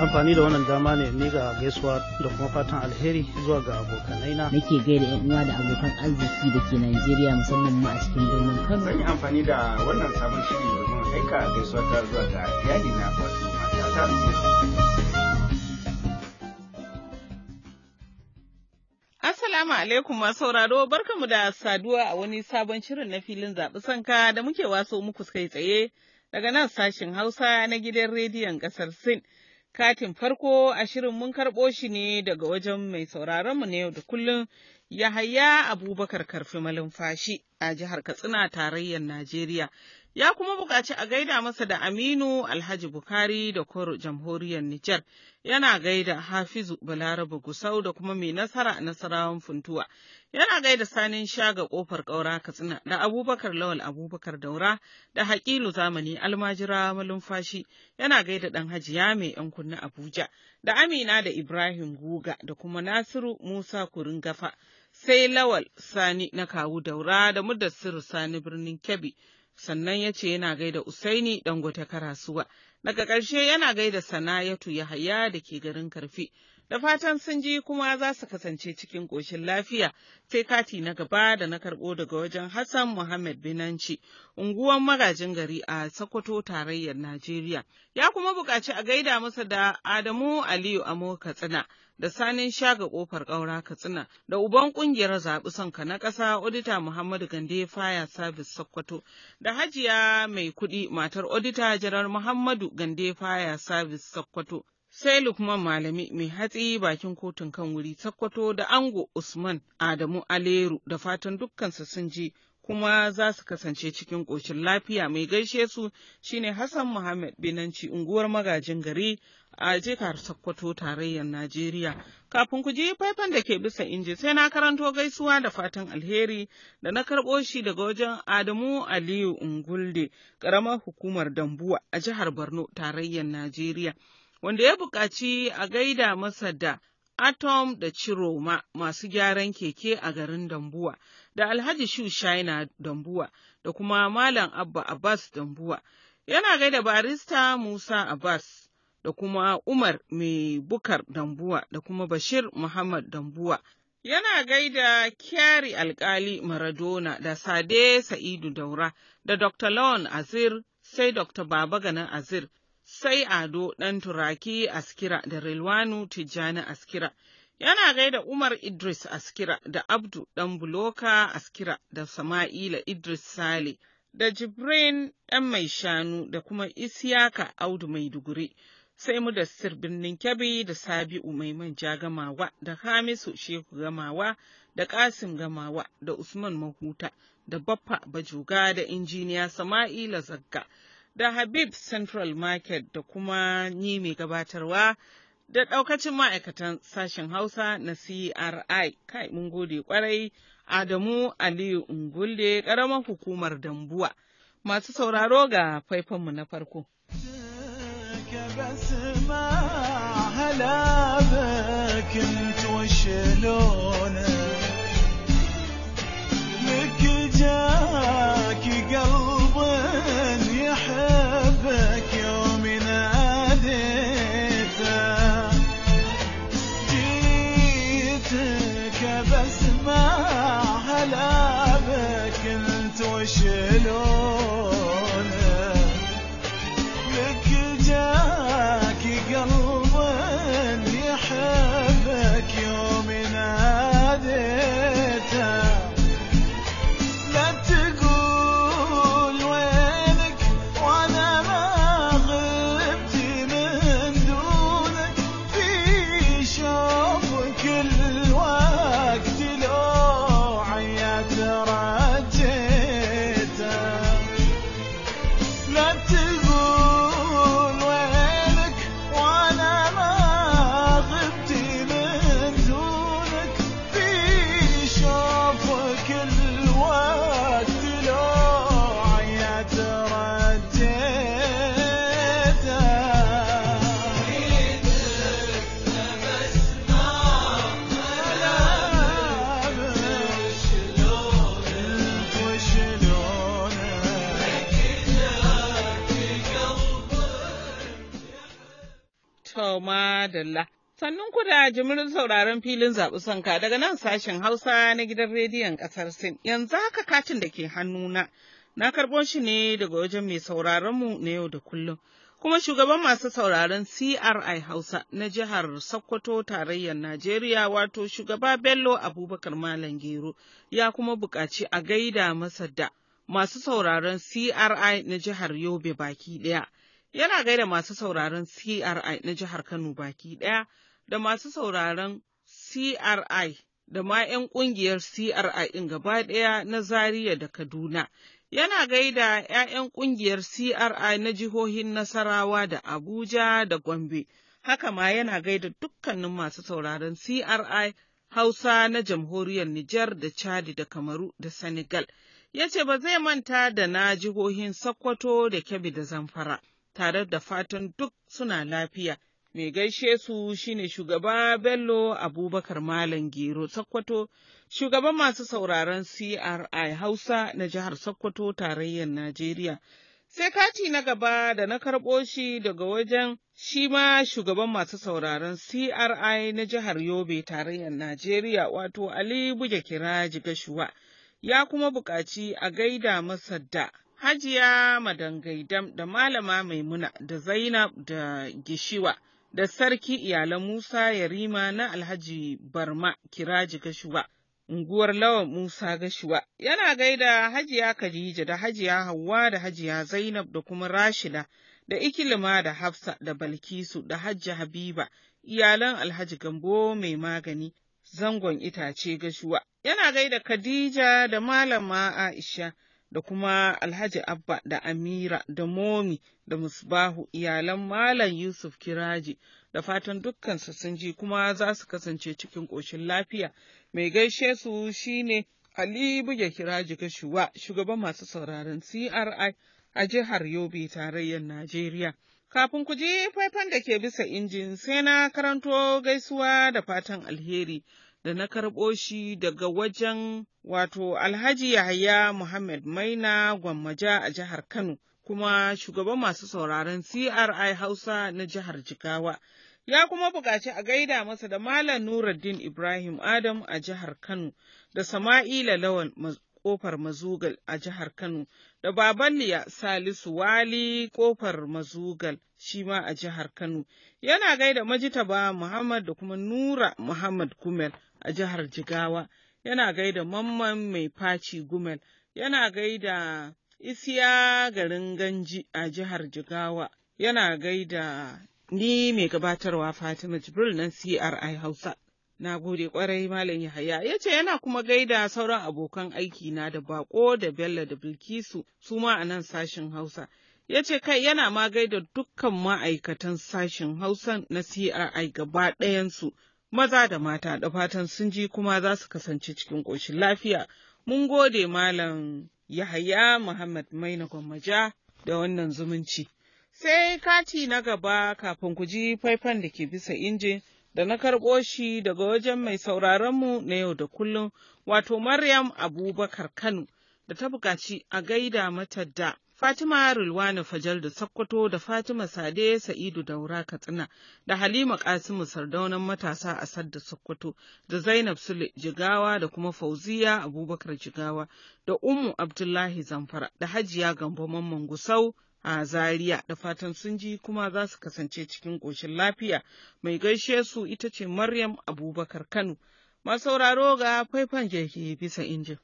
amfani da wannan dama ne ni ga gaisuwa da kuma fatan alheri zuwa ga abokanai na nake gaida yan uwa da abokan arziki da ke Najeriya musamman ma a cikin birnin Kano zan yi amfani da wannan sabon shiri domin aika gaisuwa ta zuwa ga iyali na wato Assalamu alaikum masu sauraro barkamu da saduwa a wani sabon shirin na filin zaɓi sanka da muke waso muku kai tsaye daga nan sashin Hausa na gidan rediyon ƙasar Sin. Katin farko a shirin mun karɓo shi ne daga wajen mai sauraronmu na yau da kullum Yahaya Abubakar Karfi Malumfashi a jihar Katsina tarayyar Najeriya. ya kuma buƙaci a gaida masa da Aminu Alhaji Bukari da Koro Jamhuriyar Nijar, yana gaida Hafizu Balarabe Gusau da kuma mai nasara a nasarawan funtuwa, yana gaida sanin shaga ƙofar ƙaura Katsina da Abubakar Lawal Abubakar Daura da Haƙilu Zamani Almajira Malumfashi, yana gaida ɗan Hajiya mai ‘yan kunna Abuja da Amina da Ibrahim Guga da kuma Nasiru Musa Gafa Sai Lawal Sani na kawu daura da mudassiru Sani birnin Kebbi sannan ya ce yana gaida Usaini Dangote Karasuwa. Daga ƙarshe yana gaida Sana'atu haya da ke garin Karfi. Da fatan sun ji kuma za su kasance cikin ƙoshin lafiya sai kati na gaba da na karɓo daga wajen Hassan Muhammad Binanci, unguwan magajin gari a Sokoto tarayyar Najeriya. Ya kuma buƙaci a gaida masa da Adamu Aliyu Amo Katsina. da sanin shaga ƙofar ƙaura katsina da uban ƙungiyar zaɓi sonka na ƙasa odita muhammadu gande faya sabis sokoto da hajiya mai kuɗi matar odita Jarar muhammadu gande faya sabis sokoto sai Lukman Malami mai hatsi bakin kotun kan wuri sakkwato da ango Usman Adamu Aleru da fatan dukkansa sun ji kuma za su kasance cikin ƙoshin lafiya mai gaishe su shine Hassan Muhammad Binanci unguwar magajin gari a jihar Sokoto tarayyar Najeriya. Kafin ku ji faifan da ke bisa inji sai na karanto gaisuwa da fatan alheri da na karɓo shi daga wajen Adamu Aliyu Ungulde, ƙaramar hukumar Dambuwa a jihar Borno tarayyar Najeriya. wanda ya buƙaci a gaida masa da Atom da Ciroma masu gyaran keke a garin Dambuwa, da Alhaji Shushaina Dambuwa, da kuma Malam Abba Abbas Dambuwa. Yana gaida barista Musa Abbas, da kuma Umar mai bukar Dambuwa, da kuma Bashir Muhammad Dambuwa. Yana gaida Kyari Alkali Maradona da Sade Sa'idu Daura, da Dr. Lawan Azir, sai Dr. Baba Ganin Azir. sai Ado ɗan Turaki Askira da Rilwanu Tijjani Askira. Yana gaida Umar Idris Askira da Abdu ɗan Buloka Askira da Sama'ila Idris Sale da Jibrin ɗan mai shanu da kuma Isiyaka Audu Maiduguri. Sai mu da birnin kyabi da Sabi'u mai manja gamawa da Hamisu Shehu gamawa da Kasim gamawa da Usman Mahuta da Baffa Bajuga da Injiniya Sama'ila Zagga. da Habib Central Market da kuma ni mai gabatarwa da ɗaukacin ma'aikatan sashen Hausa na CRI. Kai mun gode kwarai Adamu Aliyu Ungulle ƙaramar hukumar Dambuwa. Masu sauraro ga faifanmu na farko. Yeah. To madalla. Sannun ku da jimirin sauraron filin zaɓi sanka daga nan sashen Hausa na gidan rediyon ƙasar Sin. Yanzu haka katin da ke hannuna. Na karɓo shi ne daga wajen mai sauraronmu na yau da kullum. Kuma shugaban masu sauraron CRI Hausa na jihar Sokoto tarayyar Najeriya wato shugaba Bello Abubakar Malam Gero ya kuma buƙaci a gaida masa da masu sauraron CRI na jihar Yobe baki ɗaya. Yana gaida masu sauraron CRI na jihar Kano baki ɗaya da masu sauraron CRI da ma 'yan ƙungiyar CRI in gaba ɗaya na Zaria da Kaduna. Yana gaida 'ya'yan ƙungiyar CRI na jihohin Nasarawa da Abuja da Gombe. Haka ma yana gaida dukkanin masu sauraron CRI Hausa na jamhuriyar Nijar da Chadi da Kamaru da Senegal. Ya ce ba zai manta da na jihohin Sokoto da Kebbi da Zamfara. tare da fatan duk suna lafiya. Mai gaishe su shine shugaba Bello Abubakar Malam Gero Sokoto, shugaban masu sauraron CRI Hausa na jihar Sokoto tarayyar Najeriya. Sai kati na gaba da na karɓo shi daga wajen shi ma shugaban masu sauraron CRI na jihar Yobe tarayyar Najeriya wato Ali Buge Kiraji Gashuwa, ya kuma buƙaci a gaida masa da Hajiya Madangaidam da Malama Maimuna da Zainab da Gishiwa da Sarki iyalan Musa Yarima na Alhaji Barma Kiraji Gashuwa, unguwar lawa Musa Gashuwa. Yana gaida Hajiya Khadija da Hajiya Hauwa da Hajiya Zainab da kuma Rashida da Ikilima da Hafsa da Balkisu da Hajji Habiba, iyalan Alhaji Gambo mai magani. Zangon itace gashuwa, yana gaida Khadija da Malama Aisha da kuma Alhaji Abba da Amira da Momi da Musbahu iyalan Malam Yusuf Kiraji da fatan dukkansu sun ji kuma za su kasance cikin ƙoshin lafiya. Mai gaishe su shine Ali Buge Kiraji Gashuwa, shugaban masu sauraron CRI a jihar Yobe tarayyar Najeriya. Kafin ku ji faifan da ke bisa injin sai na karanto gaisuwa da fatan alheri da na karɓo shi daga wajen wato Alhaji Yahaya Muhammad Maina Gwammaja a jihar Kano kuma shugaban masu sauraron CRI Hausa na jihar Jigawa. Ya kuma buƙaci a gaida masa da Malam Nuruddin Ibrahim Adam a jihar Kano da Sama'ila Lawal kofar mazugal a jihar Kano da Baballiya Salisu Wali kofar mazugal shi ma a jihar Kano. Yana gaida Majitaba Muhammad da kuma Nura Muhammad Gumel a jihar Jigawa. Yana gaida Mamman Mai Faci Gumel. Yana gaida Isiya garin Ganji a jihar Jigawa. Yana gaida ni mai gabatarwa Fatima Jibril nan CRI Hausa. Na gode kwarai Malam Yahaya ya ce yana kuma gaida sauran abokan aiki na da Bako da Bello da Bilkisu su ma a nan sashin Hausa. Ya ce kai yana ma gaida dukkan ma'aikatan sashin Hausa na CRI gaba ɗayansu maza da mata da fatan sun ji kuma za su kasance cikin ƙoshin lafiya. Mun gode Malam Yahaya Muhammad Maina Gwammaja da wannan zumunci. Sai kati na gaba kafin ku ji faifan da ke bisa injin. da na karɓo shi daga wajen mai sauraronmu na yau da kullum, wato Maryam Abubakar Kano, da ta buƙaci a gaida mata da Fatima Rulwani Fajal da Sokoto da Fatima Sade Sa'idu Daura Katsina da Halima Kasimu Sardaunan matasa a Sadda Sokoto da Zainab Sule Jigawa da kuma Fauziya Abubakar Jigawa da Ummu Abdullahi Zamfara da Hajiya Gambo Mamman Gusau a Zaria da fatan sun ji kuma za su kasance cikin ƙoshin lafiya. Mai gaishe su ita ce Maryam Abubakar Kano. Masauraro ga faifan jirgi bisa injin.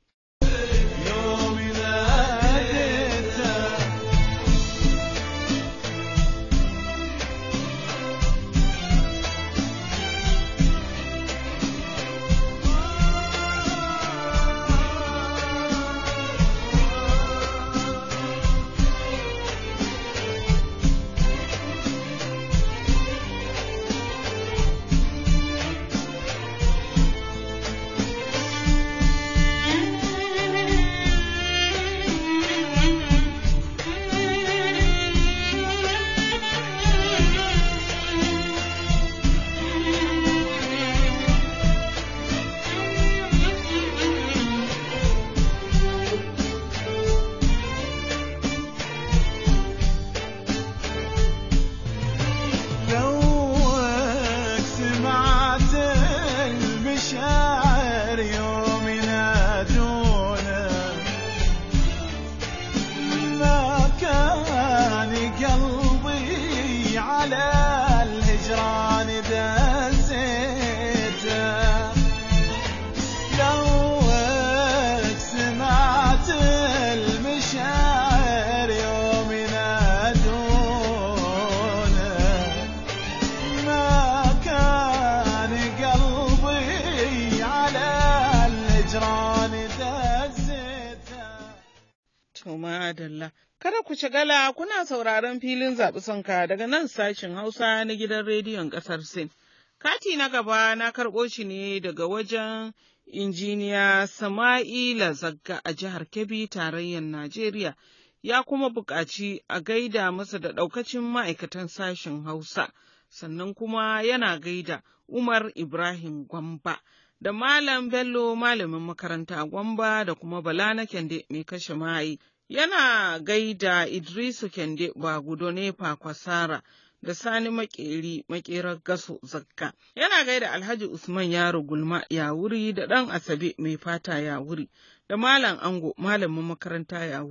To Adalla. Kada ku gala kuna sauraron filin zaɓi sanka daga nan sashin Hausa na gidan rediyon ƙasar Sin. Kati na gaba na karɓo shi ne daga wajen injiniya Sama'ila Zagga a jihar Kebbi tarayyar Najeriya. Ya kuma buƙaci a gaida masa da ɗaukacin ma'aikatan sashen Hausa, sannan kuma yana gaida Umar Ibrahim Gwamba. da Malam Bello malamin makaranta Gwamba da kuma Bala na Kende mai kashe ma'i yana gaida Idrisu Kende Nepa, Kwasara da Sani Makeri Makerar Gaso Zakka. Yana gaida Alhaji Usman Yaro Gulma ya da ɗan Asabe mai fata ya da Malam Ango malamin makaranta ya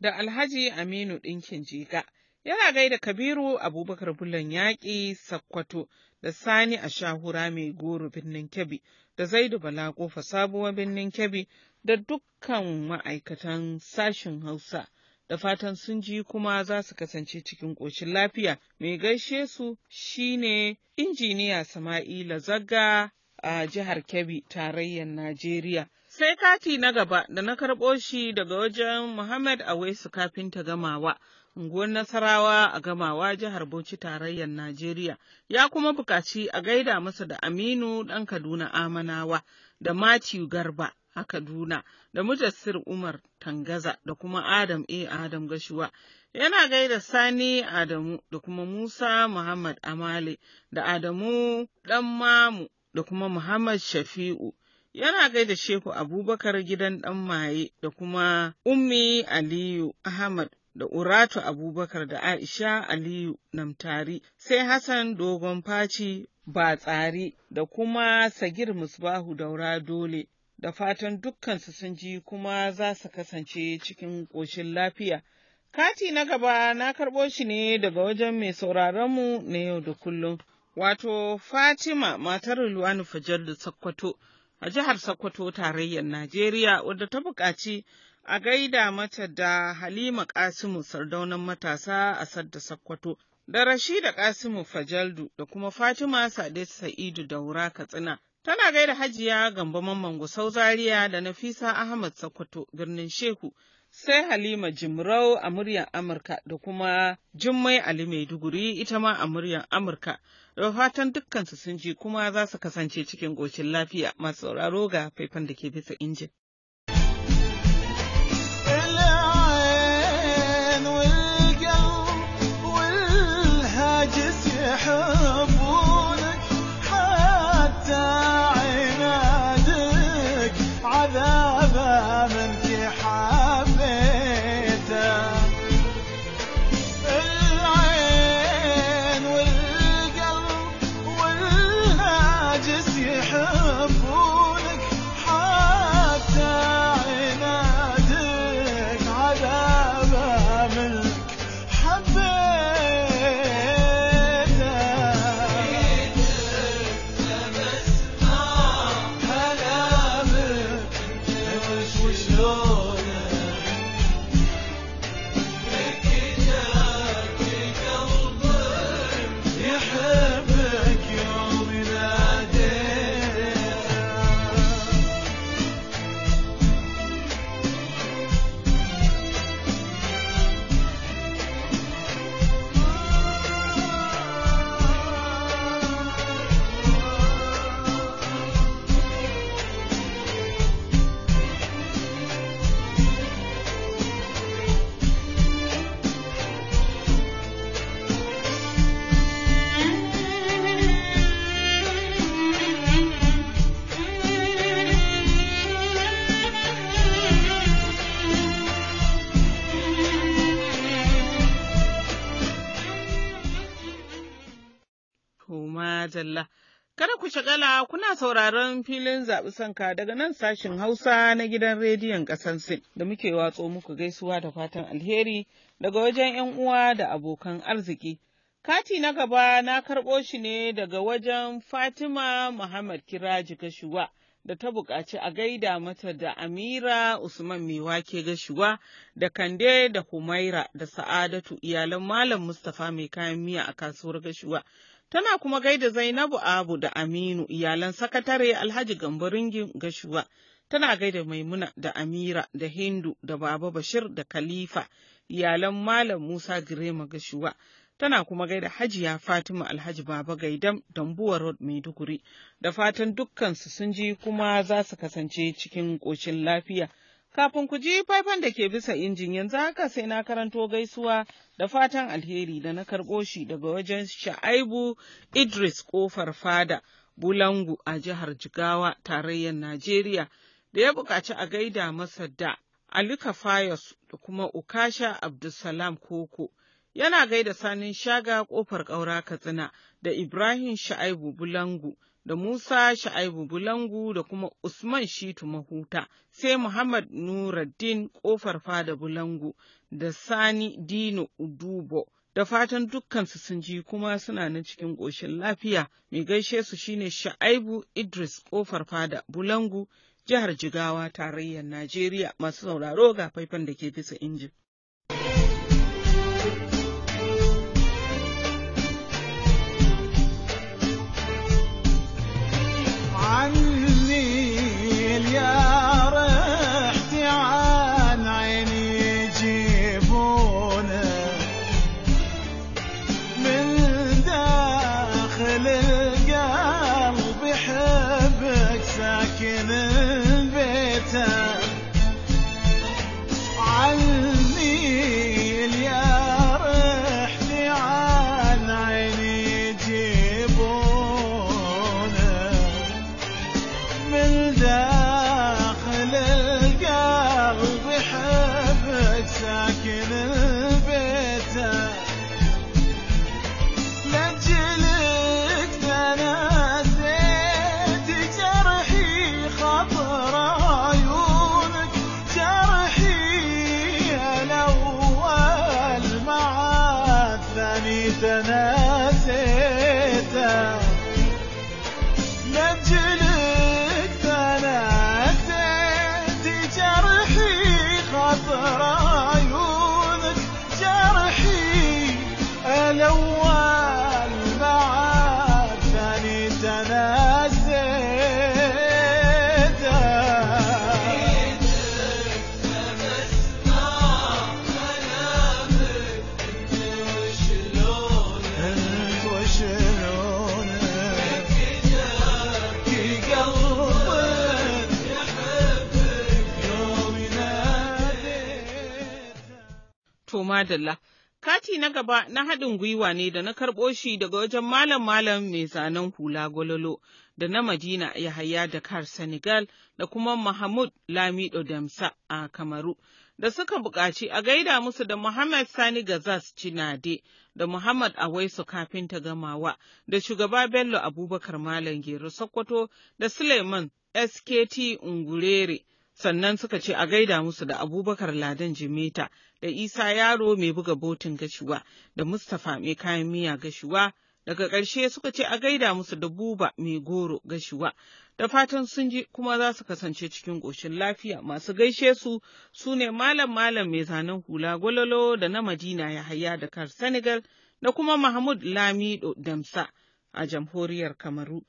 da Alhaji Aminu Ɗinkin Jiga. Yana gaida Kabiru Abubakar Bulan Yaƙi Sakkwato da Sani Ashahura mai goro birnin Kebbi da Zaidu Bala Kofa sabuwar birnin Kebbi da dukkan ma'aikatan sashen Hausa. Da fatan sun ji kuma za su kasance cikin ƙoshin lafiya, mai gaishe su shine injiniya Sama'ila Zaga a jihar Kebbi, tarayyar Najeriya. Sai kati na gaba da na karɓo shi daga wajen Muhammad Awaisu kafin ta gamawa. unguwar Nasarawa a Gamawa jihar Bauchi tarayyar Najeriya ya kuma bukaci a gaida masa da Aminu ɗan Kaduna Amanawa da Matthew Garba a Kaduna da Mujassir Umar Tangaza da kuma Adam A. Adam Gashuwa. Yana gaida Sani Adamu da kuma Musa Muhammad Amale da Adamu Dan Mamu da kuma Muhammad Shafi'u. Yana gaida Shehu Abubakar gidan dan maye da kuma Ummi Aliyu Ahmad da Uratu Abubakar da Aisha Aliyu Namtari, sai Hassan Dogon Faci Batsari da kuma Sagir Musbahu Daura Dole da fatan dukkansu sun ji kuma za su kasance cikin ƙoshin lafiya. Kati na gaba na karɓo shi ne daga wajen mai sauraronmu na yau da kullum, wato Fatima matar Luwanu Fajar da Sakkwato a jihar Sakkwato tarayyar Najeriya wadda ta buƙaci a gaida mata da Halima Kasimu sardaunan matasa a Sadda Sakkwato. da Rashida Kasimu Fajaldu da kuma Fatima Sade Sa'idu Daura Katsina Tana gaida hajiya gamba mamman gusau zaria da Nafisa Ahmad Sokoto birnin Shehu. sai Halima Jimrau a muryar Amurka da kuma Jummai Ali Maiduguri ita ma a muryar Amurka. Da fatan dukkansu sun ji kuma za su kasance cikin gocin lafiya masu sauraro ga faifan da ke bisa injin. zalla Kada ku shagala kuna sauraron filin zaɓi sanka daga nan sashin Hausa na gidan rediyon ƙasar Sin da muke watso muku gaisuwa da fatan alheri daga wajen 'yan uwa da abokan arziki. Kati na gaba na karɓo shi ne daga wajen Fatima Muhammad Kiraji Gashuwa da ta buƙaci a gaida mata da Amira Usman Mewake Gashuwa da Kande da Humaira da Sa'adatu iyalan Malam Mustapha mai kayan miya a kasuwar Gashuwa. Tana kuma gaida Zainabu Abu da Aminu iyalan sakatare Alhaji Gambaringin Gashuwa. Tana gaida Maimuna da Amira da Hindu da Baba Bashir da Khalifa iyalan Malam Musa Girema Gashuwa. Tana kuma gaida Hajiya Fatima Alhaji Baba Gaidam Dambuwa Road Maiduguri da fatan dukkansu sun ji kuma za su kasance cikin ƙoshin lafiya. Kafin ku ji faifan da ke bisa injin yanzu haka sai na karanto gaisuwa da fatan alheri da na karɓo shi daga wajen Sha'aibu Idris Kofar Fada Bulangu a jihar Jigawa tarayyar Najeriya da ya buƙaci a gaida masa da Alika Fayos da kuma Ukasha Abdulsalam Koko. Yana gaida sanin shaga kofar ƙaura Katsina da Ibrahim Sha'aibu Bulangu da Musa Sha'aibu Bulangu da kuma Usman Shitu Mahuta, sai Muhammad Nuruddin Ƙofar Fada Bulangu da Sani Dino Udubo. Da fatan dukkansu sun ji kuma suna nan cikin ƙoshin lafiya, mai gaishe su shine Sha'aibu Idris Ƙofar Fada Bulangu, jihar Jigawa, tarayyar Najeriya, masu sauraro ga faifan da ke bisa injin. madalla. Kati na gaba na haɗin gwiwa ne da na karɓo shi daga wajen malam malam mai zanen hula gololo da na Madina Yahaya kar Senegal da kuma Mahmud Lamido Damsa a Kamaru. Da suka buƙaci a gaida musu da Muhammad Sani Gazas Cinade da Muhammad Awaisu Kafinta Gamawa da shugaba Bello Abubakar Malam Gero Sokoto da Suleiman SKT Ungurere. sannan suka ce a gaida musu da abubakar ladan jimeta da isa yaro mai buga botin gashiwa da mustapha mai kayan miya gashiwa daga ƙarshe suka ce a gaida musu da buba mai goro gashiwa. da fatan sun ji kuma za su kasance cikin ƙoshin lafiya masu gaishe su su ne malam malam mai zanen hula gwalolo da na madina ya haya da kar senegal da kuma mahmud lamido damsa a jamhuriyar kamaru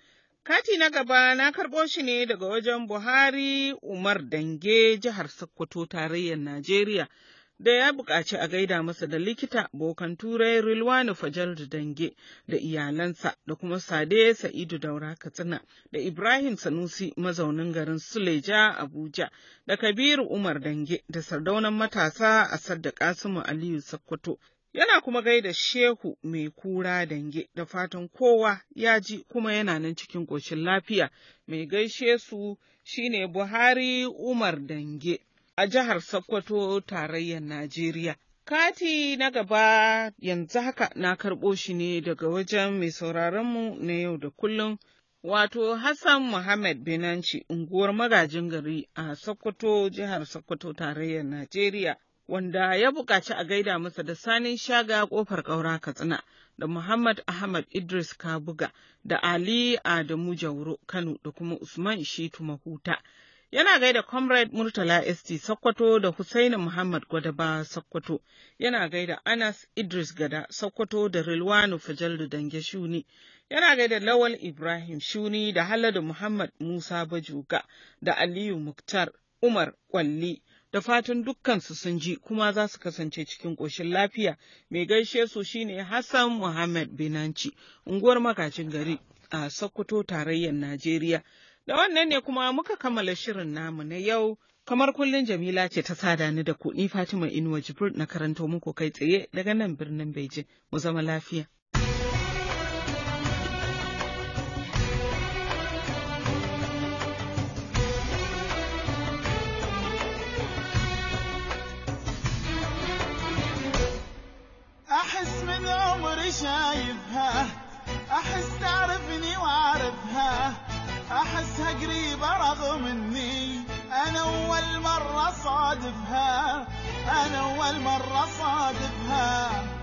Kati na gaba na karɓo shi ne daga wajen Buhari Umar Dange jihar Sokoto tarayyar Najeriya da ya buƙaci a gaida masa da likita bokan turai Rilwani Fajar Dange da iyalansa da kuma Sade Sa'idu Daura Katsina da Ibrahim Sanusi mazaunin garin Suleja Abuja da Kabiru Umar Dange da sardaunan matasa a Sadda Kasimu Aliyu Sokoto yana kuma gaida Shehu mai kura dange da fatan kowa ya ji kuma yana nan cikin ƙoshin lafiya mai gaishe su shine Buhari Umar dange a jihar Sokoto tarayyar Najeriya. Kati na gaba yanzu haka na karɓo shi ne daga wajen mai sauraronmu na yau da kullum wato Hassan Muhammad Binanci unguwar magajin gari a Sokoto jihar Sokoto tarayyar Najeriya. wanda ya buƙaci a gaida masa da sanin shaga ƙofar ƙaura Katsina da Muhammad Ahmad Idris Kabuga da Ali Adamu Jauro Kano da kuma Usman Shitu Mahuta. Yana gaida Comrade Murtala ST Sokoto da Husaini Muhammad Gwadaba Sokoto, yana gaida Anas Idris Gada Sokoto da Rilwanu Fajaldu Dange Shuni, yana gaida Lawal Ibrahim Shuni da Haladu Muhammad Musa Bajuga da Aliyu Muktar Umar Kwalli. da fatan dukkansu sun ji kuma za su kasance cikin ƙoshin lafiya. Mai gaishe su shine Hassan Muhammad Binanci, unguwar makacin gari a Sokoto tarayyar Najeriya. Da wannan ne kuma muka kammala shirin namu na yau. Kamar kullum Jamila ce ta sada ni da kuɗi Fatima Inuwa Jibril na karanto muku kai tsaye daga nan birnin Bejin. Mu zama lafiya. شايفها احس تعرفني واعرفها احسها قريبة رغم اني انا اول مرة صادفها انا اول مرة صادفها